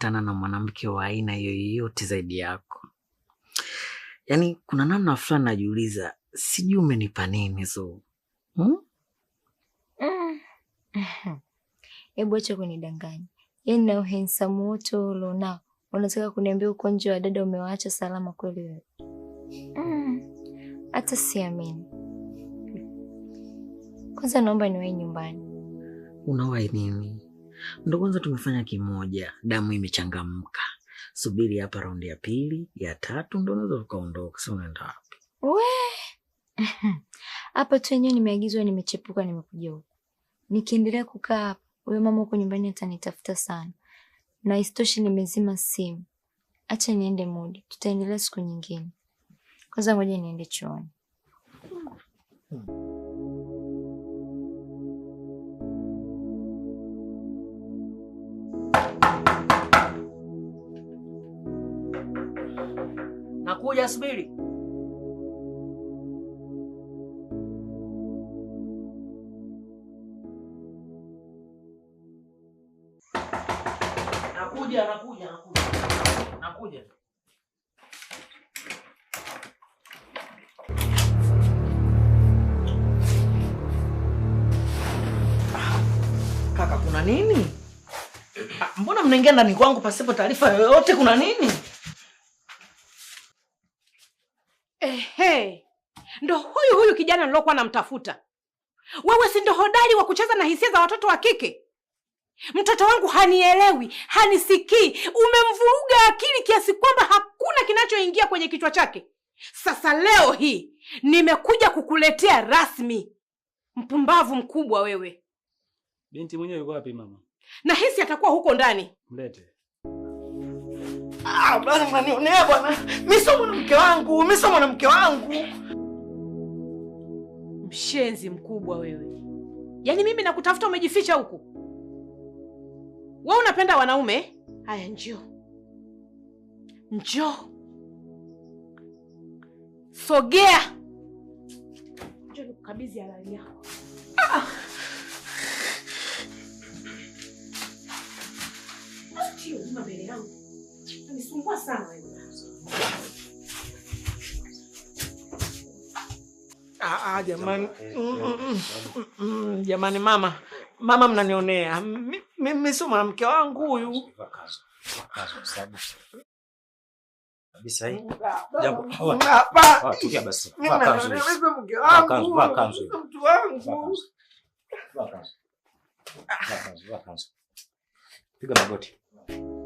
kukutana na mwanamke wa aina yoyote zaidi yako. Yaani kuna namna fulani najiuliza, sijui umenipa nini zo Hmm? Hebu acha kunidanganya. Yaani na uhensamu wote ulona, unataka kuniambia uko nje wa dada umewaacha salama kweli wewe? Mm. Hata mm. Siamini. Kwanza naomba niwahi nyumbani. Unawahi nini? Ndo kwanza tumefanya kimoja, damu imechangamka. Subiri hapa raundi ya pili, ya tatu ndo unaweza tukaondoka. Sasa unaenda wapi we? hapa tu wenyewe nimeagizwa, nimechepuka, nimekuja huku. Nikiendelea kukaa hapa, huyo mama huko nyumbani atanitafuta sana, na isitoshe nimezima simu. Acha niende Mudi, tutaendelea siku nyingine. Kwanza ngoja niende chooni. hmm. Nakuja, subiri. Nakuja, nakuja, nakuja, nakuja. Ah, kaka, kuna nini? Ah, mbona mnaingia ndani kwangu pasipo taarifa yoyote? Kuna nini? Ehe, ndo huyu huyu kijana nilokuwa namtafuta. Wewe si ndo hodari wa kucheza na hisia za watoto wa kike? Mtoto wangu hanielewi, hanisikii. Umemvuruga akili kiasi kwamba hakuna kinachoingia kwenye kichwa chake. Sasa leo hii nimekuja kukuletea rasmi. Mpumbavu mkubwa wewe! Binti mwenyewe yuko wapi mama? Nahisi atakuwa huko ndani. Mlete. Ah, bwana mnanionea bwana. Mimi sio mwanamke wangu, mimi sio mwanamke wangu. Mshenzi mkubwa wewe. Yaani mimi nakutafuta umejificha huku. Wewe unapenda wanaume? Haya njoo. Njoo. Sogea. Njoo nikukabidhi halali yako. Ah. Ah, ah, jamani eh, mm, mm, eh, mm, jamani, mama mama, mnanionea mimi, sio mwanamke wangu huyu. Piga magoti.